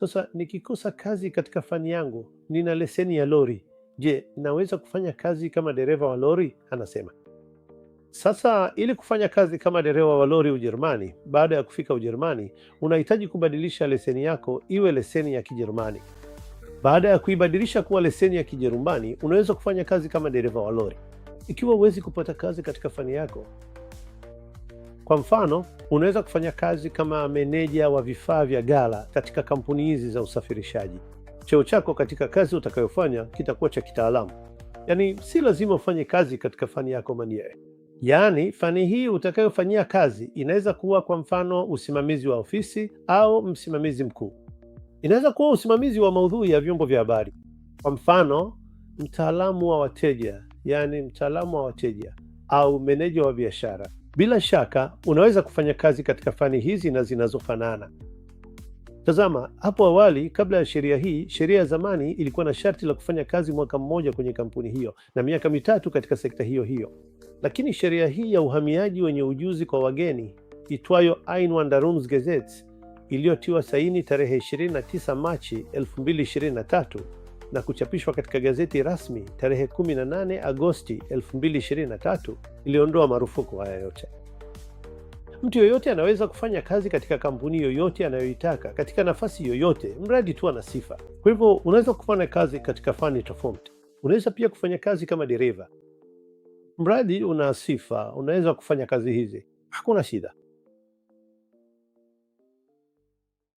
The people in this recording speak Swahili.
Sasa nikikosa kazi katika fani yangu, nina leseni ya lori, je, naweza kufanya kazi kama dereva wa lori? Anasema. Sasa ili kufanya kazi kama dereva wa lori Ujerumani, baada ya kufika Ujerumani, unahitaji kubadilisha leseni yako iwe leseni ya Kijerumani. Baada ya kuibadilisha kuwa leseni ya Kijerumani, unaweza kufanya kazi kama dereva wa lori. Ikiwa huwezi kupata kazi katika fani yako, kwa mfano, unaweza kufanya kazi kama meneja wa vifaa vya gala katika kampuni hizi za usafirishaji. Cheo chako katika kazi utakayofanya kitakuwa cha kitaalamu, yaani si lazima ufanye kazi katika fani yako mwenyewe. Yaani, fani hii utakayofanyia kazi inaweza kuwa kwa mfano usimamizi wa ofisi au msimamizi mkuu. Inaweza kuwa usimamizi wa maudhui ya vyombo vya habari, kwa mfano mtaalamu wa wateja, yaani mtaalamu wa wateja au meneja wa biashara. Bila shaka unaweza kufanya kazi katika fani hizi na zinazofanana. Tazama, hapo awali, kabla ya sheria hii, sheria ya zamani ilikuwa na sharti la kufanya kazi mwaka mmoja kwenye kampuni hiyo na miaka mitatu katika sekta hiyo hiyo, lakini sheria hii ya uhamiaji wenye ujuzi kwa wageni itwayo Einwanderungsgesetz iliyotiwa saini tarehe 29 Machi 2023 na kuchapishwa katika gazeti rasmi tarehe 18 Agosti 2023 iliondoa marufuku haya yote. Mtu yoyote anaweza kufanya kazi katika kampuni yoyote anayoitaka katika nafasi yoyote, mradi tu ana sifa. Kwa hivyo unaweza kufanya kazi katika fani tofauti. Unaweza pia kufanya kazi kama dereva, mradi una sifa, unaweza kufanya kazi hizi, hakuna shida.